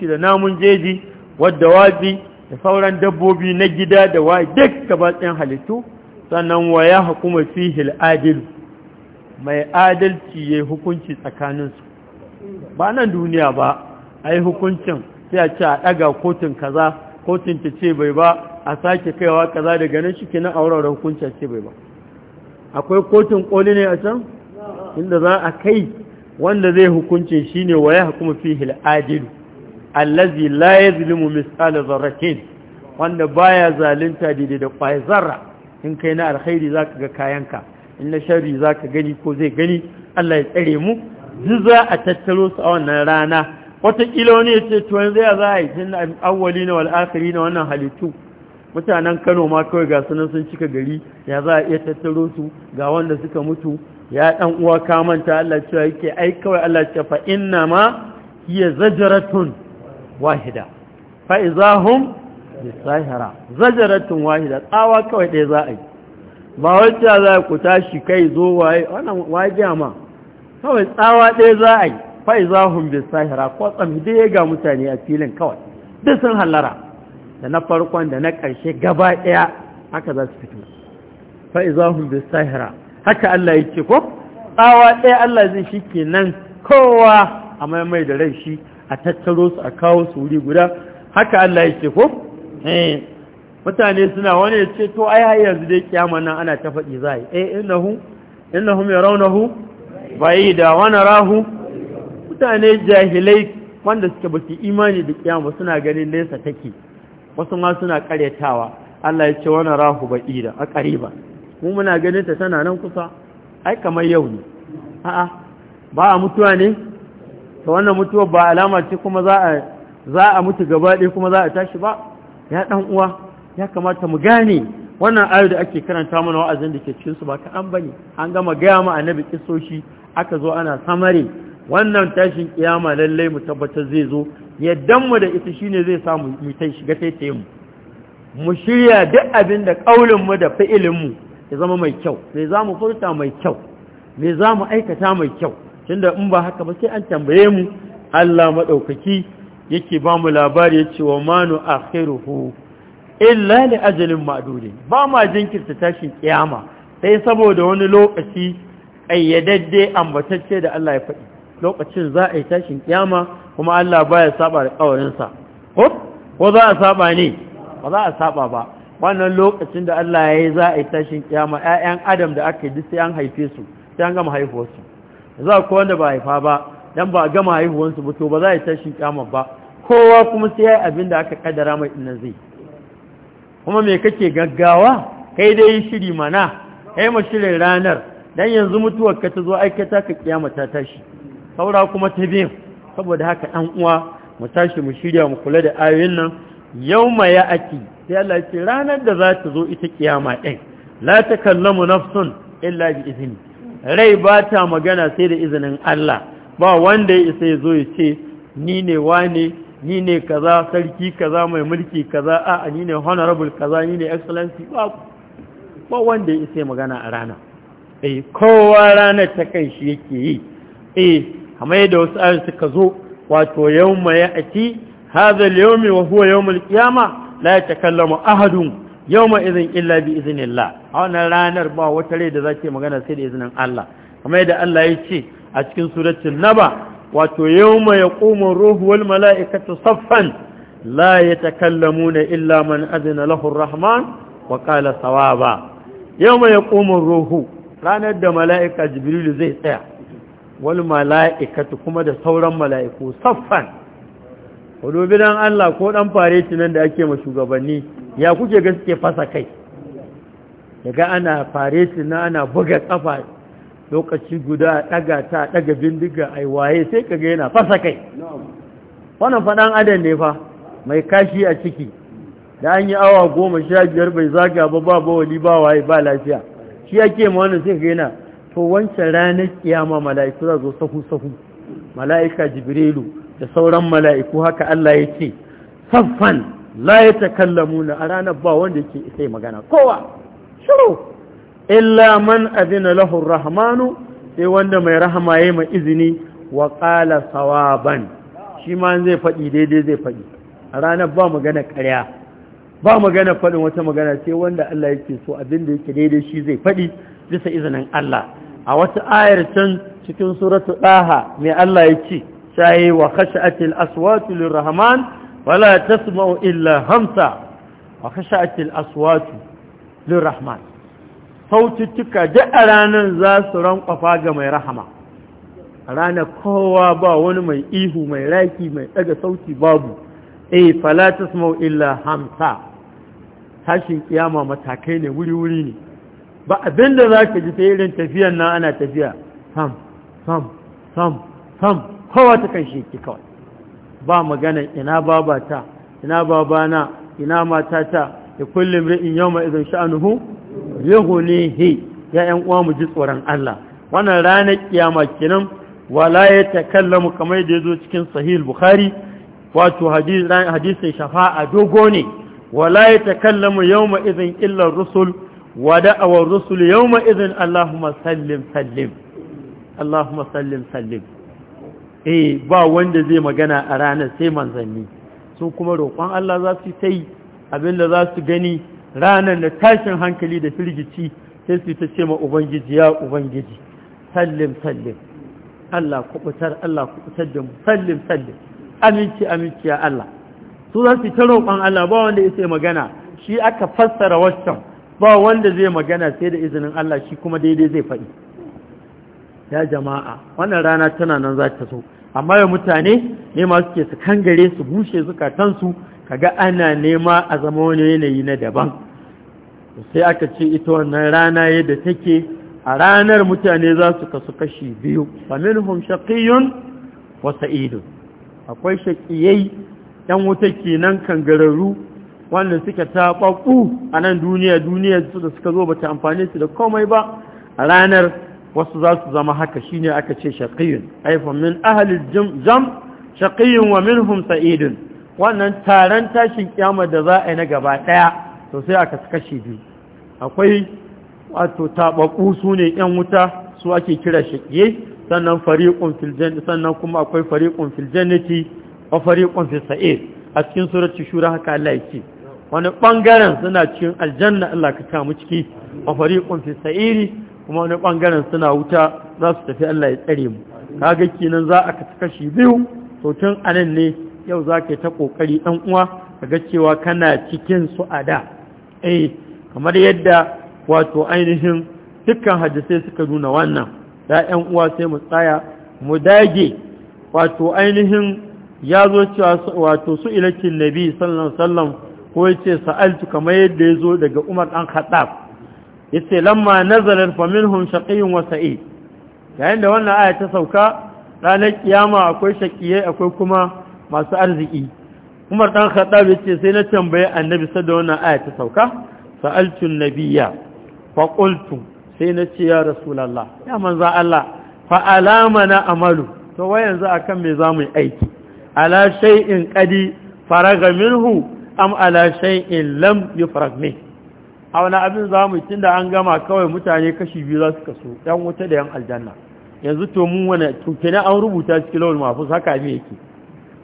shi da namun jeji wadda wazi da sauran dabbobi na gida da wa duk gabatsayin halittu sannan wa ya hukuma fihil adil mai adalci ya yi hukunci tsakaninsu ba nan duniya ba a yi hukuncin sai a ce a ɗaga kotun kaza kotun ta ce bai ba a sake kaiwa kaza daga nan shi kenan aurara hukunci ce bai ba akwai kotun koli ne a can inda za a kai wanda zai hukunci shine waya hukuma fihi al-adil allazi la yazlimu misqala dharratin wanda baya zalunta daidai da kwai zarra in kai na alkhairi zaka ga kayanka in na sharri zaka gani ko zai gani Allah ya tsare mu duk za a tattaro su a wannan rana wataƙila wani ya ce tuwon zai za a yi tun awwali na wal'afiri na wannan halittu mutanen kano ma kawai ga sunan sun cika gari ya za a iya tattaro su ga wanda suka mutu ya ɗan uwa kamanta Allah cewa yake ai kawai Allah ce fa inna ma hiya zajaratun wahida fa izahum bisahira zajaratun wahida tsawa kawai ɗaya za a yi ba wacce za kuta shi kai zo waye wannan waje ma kawai tsawa ɗaya za a yi faizahun bin sahira kwatsam dai ya ga mutane a filin kawai duk sun hallara da na farkon da na ƙarshe gaba ɗaya haka za su fito faizahun bin sahira haka Allah ya ce ko tsawa ɗaya Allah zai shi ke nan kowa a maimai da rai shi a tattaro su a kawo su wuri guda haka Allah ya ce ko eh, mutane suna wani ya ce to ai yanzu dai kiyama nan ana ta faɗi za a yi eh innahu raunahu yarawnahu da wani rahu. mutane jahilai wanda suke ba su imani da kiyama suna ganin nesa take wasu ma suna karyatawa Allah ya ce wani rahu ba'ida a ƙariba mu muna ganin ta tana nan kusa ai kamar yau ne a'a ba a mutuwa ne ta wannan mutuwa ba alama ce kuma za a mutu gaba ɗaya kuma za a tashi ba ya ɗan uwa ya kamata mu gane wannan ayo da ake karanta mana wa'azin da ke cikin su ba an bane an gama gaya ma annabi kisoshi aka zo ana samari. wannan tashin kiyama lallai mu tabbatar zai zo yaddan mu da ita shine zai samu mu tai shiga taite mu mu shirya duk abin da kaulin mu da fi'ilin mu ya zama mai kyau me mu furta mai kyau me mu aikata mai kyau tunda in ba haka ba sai an tambaye mu Allah madaukaki yake ba mu labari ce wa manu akhiruhu illa li ajalin ma'dudin ba ma jinkirta tashin kiyama sai saboda wani lokaci ƙayyadadde ambatacce da Allah ya faɗi lokacin za a yi tashin kiyama kuma Allah baya saba da kawarinsa ko za a saba ne ba za a saba ba wannan lokacin da Allah ya yi za a yi tashin kiyama 'ya'yan adam da aka yi sai an haife su sai an gama haifuwarsu za ku wanda ba haifa ba dan ba gama haihuwarsu ba to ba za a yi tashin kiyama ba kowa kuma sai ya yi abin da aka kaddara mai inna zai kuma me kake gaggawa kai dai shiri mana kai mu shirin ranar dan yanzu mutuwar ka ta zo aikata ka kiyama ta tashi saura kuma ta biyan saboda haka ɗan uwa mu tashi mu shirya mu kula da ayoyin nan yau ma ya aki sai Allah ce ranar da za ta zo ita kiyama ɗin la ta kallamu nafsun illa bi izini rai ba ta magana sai da izinin Allah ba wanda ya isa ya zo ya ce ni ne wane ni ne kaza sarki kaza mai mulki kaza a ni ne honorable kaza ni ne excellency ba ba wanda ya isa magana a rana eh kowa ranar ta kan shi yake yi eh kamar yadda wasu ayar suka zo wato yawma ya'ti hadha al-yawmi wa huwa yawm al-qiyama la yatakallamu ahadun yawma idhin illa bi izinillah. a wannan ranar ba wata rai da zake magana sai da izinin Allah kamar yadda Allah ya ce a cikin suratun naba wato yawma yaqumu ruhu wal mala'ikatu saffan la yatakallamuna illa man adhina lahu rahman wa qala sawaba ya koma ruhu ranar da mala'ika jibrilu zai tsaya wal mala'ikatu kuma da sauran mala'iku saffan hudubi dan Allah ko dan fareti nan da ake ma shugabanni ya kuke gaske fasa kai daga ana fareti na ana buga ƙafa lokaci guda ɗaga ta ɗaga bindiga ai waye sai kaga yana fasa kai wannan fadan adan ne fa mai kashi a ciki da an yi awa goma sha biyar bai zaga ba ba ba wali ba waye ba lafiya shi yake ma wannan sai kaga yana to wancan ranar kiyama mala'iku za zo sahu-sahu mala'ika jibrilu da sauran mala'iku haka Allah ya ce saffan la ya takallamuna a ranar ba wanda yake sai magana kowa shiru illa man azina lahu rahmanu sai wanda mai rahama yayi mai izini wa qala sawaban shi ma zai faɗi daidai zai faɗi a ranar ba magana ƙarya ba magana faɗin wata magana sai wanda Allah yake so abin da yake daidai shi zai faɗi bisa izinin Allah a wata ayar can cikin suratu ɗaha mai Allah ya ce shaye wa khasha'atil aswatu lirrahman wala tasma'u illa hamsa wa khasha'atil aswatu lirrahman saututtuka da a ranar za su rankwafa ga mai rahama ranar kowa ba wani mai ihu mai raki mai daga sauti babu eh fala tasma'u illa hamsa tashin kiyama matakai ne wuri-wuri ne ba abin da za ka ji ta irin tafiyan nan ana tafiya sam sam sam sam kowa ta kan sheki kawai ba magana ina babata ina babana ina matata da kullum ri'in yau izin sha'anuhu yahu ne he ya ‘yan uwa mu ji tsoron Allah wannan ranar kiyama kenan wala ya ta kallamu kamar da ya zo cikin sahih bukhari wato hadisin shafa'a dogo ne wala ya ta kallamu yau mai izin illar rusul wa da'a rusul yawma idhin Allahumma sallim sallim Allahumma sallim sallim eh ba wanda zai magana a ranar sai manzanni sun kuma roƙon Allah za su tai abinda za su gani ranar da tashin hankali da firgici sai su ta ce ma ubangiji ya ubangiji sallim sallim Allah kubutar Allah kubutar da mu sallim sallim aminci aminci ya Allah su za su ta roƙon Allah ba wanda ya sai magana shi aka fassara waccan ba wanda zai magana sai da izinin Allah shi kuma daidai zai faɗi ya jama'a wannan rana tana nan za ta so amma ya mutane nema suke su kangare su bushe zukatansu kaga ana nema a zama wani yanayi na daban sai aka ce ita wannan rana yadda take a ranar mutane za su kasu kashi biyu faminhum shaqiyun wasa ido. akwai shaqiyai yan wuta kenan kangararru wanda suka taɓaɓɓu a nan duniya duniya su da suka zo ba ta amfani su da komai ba a ranar wasu za su zama haka shine aka ce shaqiyun aifan min ahalin jam shaqiyun wa humsa sa'idun wannan taron tashin kyamar da za a yi na gaba ɗaya to sai aka kashe biyu akwai wato taɓaɓɓu su ne ‘yan wuta su ake kira shaƙiye sannan fariƙun filjannati sannan kuma akwai fariƙun filjannati wa fariƙun fil a cikin suratul shura haka Allah ce. wani ɓangaren suna cikin aljanna Allah ka kamu ciki a fariƙun fi sa'iri kuma wani ɓangaren suna wuta za su tafi Allah ya tsare mu Ka kaga kinan za a kashi biyu to tun anan ne yau za zaka ta ƙoƙari ɗan uwa Ka ga cewa kana cikin su a da eh kamar yadda wato ainihin dukkan hadisai suka nuna wannan da ƴan uwa sai mu tsaya mu dage wato ainihin ya zo cewa wato su ilakin nabi sallallahu alaihi wasallam ko yace ce sa'altu kamar yadda ya zo daga umar ɗan haɗaf ya ce lamma nazarar famin hun shaƙiyun wasa'i yayin da wannan aya ta sauka ranar kiyama akwai shaƙiyai akwai kuma masu arziki umar ɗan haɗaf ya ce sai na tambaye annabi sadda wannan aya ta sauka sa'altun nabiya faƙultun sai na ce ya rasulallah ya manza Allah fa'alama na amalu to wayanzu akan me za mu yi aiki ala shay'in ƙadi faraga minhu am ala shay'in lam yufrag min a wani abin za mu da an gama kawai mutane kashi biyu za su kaso yan wuta da yan aljanna yanzu to mun wani na an rubuta cikin lawal mafus haka me yake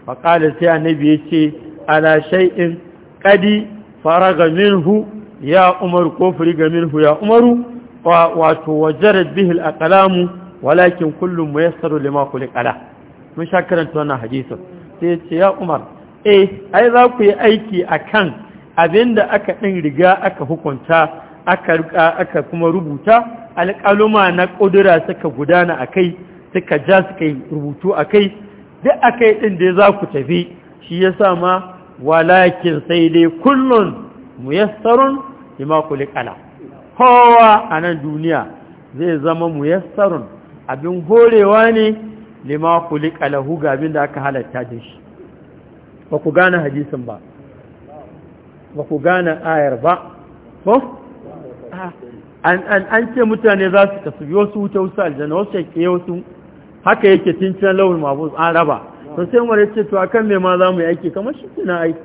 fa qala sai annabi ce ala shay'in qadi faraga minhu ya umar ko fariga minhu ya umaru wato wajarat bihi al kalamu walakin kullum muyassar lima khuliqa la mun karanta wannan hadisin sai ya umar eh ai za ku yi aiki a kan abin da aka ɗin riga aka hukunta aka aka kuma rubuta alƙaluma na ƙudura suka gudana a kai suka ja suka yi rubutu a kai duk a kai ɗin da za ku tafi shi ya sa ma walakin sai dai kullum muyassarun lima kulikala kowa a nan duniya zai zama muyassarun abin horewa ne lima kulikala hu ga abin da aka halatta da shi ba ku gane hadisin ba ba ku gane ayar ba ko ah, an ce mutane za su tafi wasu wuce wasu aljanna wasu shakke wasu haka yake tincin launin mabuz an raba to sai mara ce to akan me ma za mu yi aiki kamar shi kina aiki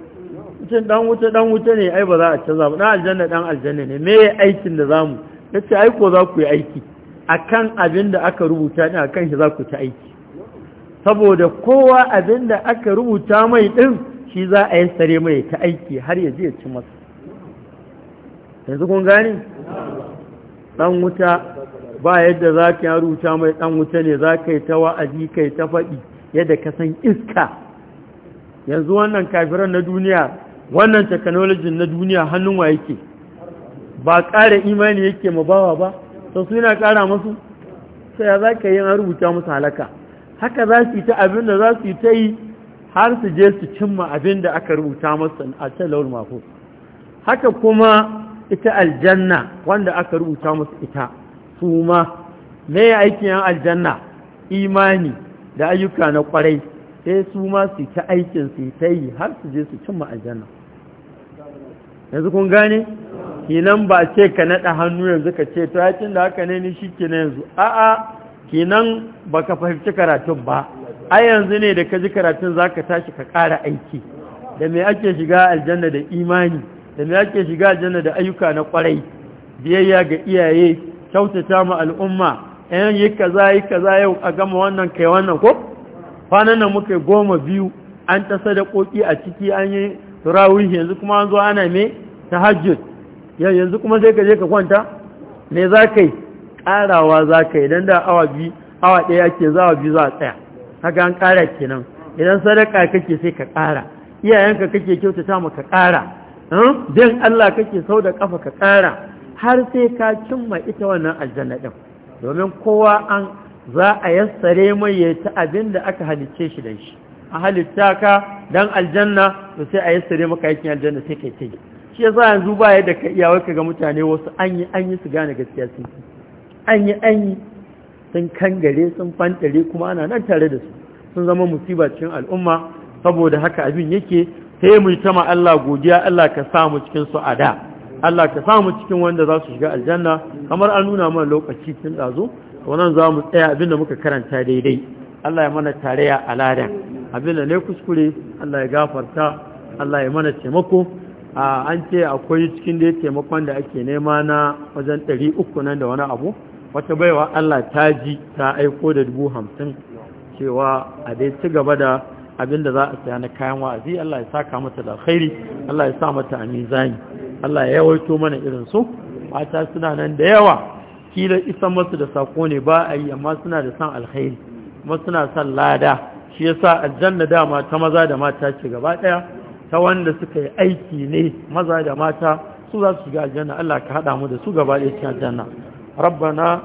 mutum dan wuta dan wuta ne ai ba za a canza ba dan aljanna dan aljanna ne me aikin da zamu yace ai ko za ku yi aiki akan abin da aka rubuta ne akan shi za ku ta aiki saboda kowa abin da aka rubuta mai ɗin shi za a yi sare mai ta aiki har ya je ci masa yanzu kun gani ɗan wuta ba yadda za ka yi rubuta mai ɗan wuta ne za ka yi ta wa'azi ka yi ta faɗi yadda ka san iska yanzu wannan kafiran na duniya wannan technologin na duniya hannun wa yake ba ƙara imani yake ma bawa ba sau suna ƙara masu sai ya za ka yi an rubuta musu halaka haka za su yi ta abin da za su yi ta yi har su je su cimma abin da aka rubuta masa a talawar mako haka kuma ita aljanna wanda aka rubuta masa ita su ma mai aikin yan aljanna imani da ayyuka na kwarai sai su ma su ta aikin su ta yi har su je su cimma aljanna yanzu kun gane kinan ba ce ka naɗa hannu yanzu ka ce to yakin da haka ne ni shi ke yanzu a'a kenan baka fahimci karatun ba a yanzu ne da ka ji karatun za ka tashi ka ƙara aiki da mai ake shiga aljanna da imani da mai ake shiga aljanna da ayyuka na ƙwarai biyayya ga iyaye kyautata ma al'umma yan yi kaza yi kaza yau a gama wannan kai wannan ko kwanan nan muka goma biyu an ta sadakoki a ciki an yi turawih yanzu kuma an zo ana me tahajjud yanzu kuma sai ka je ka kwanta me za ka yi ƙarawa za ka idan da awa biyu awa ɗaya ke za a biyu za a tsaya haka an ƙara kenan idan sadaka kake sai ka ƙara iyayenka kake kyautata ma ka ƙara hmm? bin Allah kake sau da ƙafa ka ƙara har sai ka cimma ita wannan aljanna ɗin domin kowa an za a yassare mai ya ta abin da aka halicce shi da shi a halitta ka dan aljanna to sai a yassare maka aikin aljanna sai kai ta yi shi ya sa yanzu ba yadda ka iya wai ka ga mutane wasu an yi an yi su gane gaskiya sun an yi an yi sun kangare sun fantare kuma ana nan tare da su sun zama musiba cikin al'umma saboda haka abin yake sai mu ta ma Allah godiya Allah ka samu cikin su ada Allah ka samu cikin wanda za su shiga aljanna kamar an nuna mana lokaci tun zo wannan za mu tsaya abin da muka karanta daidai Allah ya mana tarayya a ladan abin da ne kuskure Allah ya gafarta Allah ya mana taimako an ce akwai cikin da ya taimakon da ake nema na wajen 300 nan da wani abu wata baiwa Allah ta ji ta aiko da dubu hamsin cewa a dai ci gaba da abin da za a saya na kayan wa'azi Allah ya saka mata da khairi Allah ya sa mata a mizani Allah ya yawaito mana irin su mata suna nan da yawa kila isan masu da sako ne ba a yi amma suna da san alkhairi kuma suna san lada shi yasa aljanna dama ta maza da mata ce gaba daya ta wanda suka yi aiki ne maza da mata su za su shiga aljanna Allah ka haɗa mu da su gaba daya cikin aljanna rabbana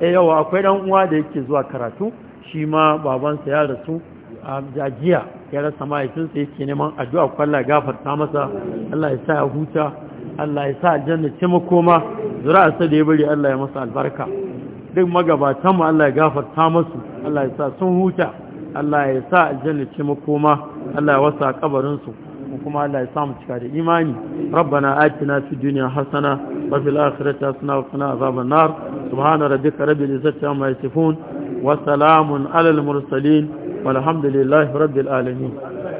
eh yawa akwai dan uwa da yake zuwa karatu shi ma babansa ya rasu a jajiya ya rasa mahaifinsa yake neman addu'a ko Allah ya gafarta masa Allah ya sa ya huta Allah ya sa aljanna ce makoma zuri'arsa da ya bari Allah ya masa albarka duk magabatan mu Allah ya gafarta masu Allah ya sa sun huta Allah ya sa aljanna ce makoma Allah ya wasa kabarin su kuma Allah ya samu cika da imani rabbana atina fid dunya hasana wa fil akhirati hasana wa qina azaban nar subhana rabbika rabbil izzati amma yasifun wa salamun alal mursalin والحمد لله رب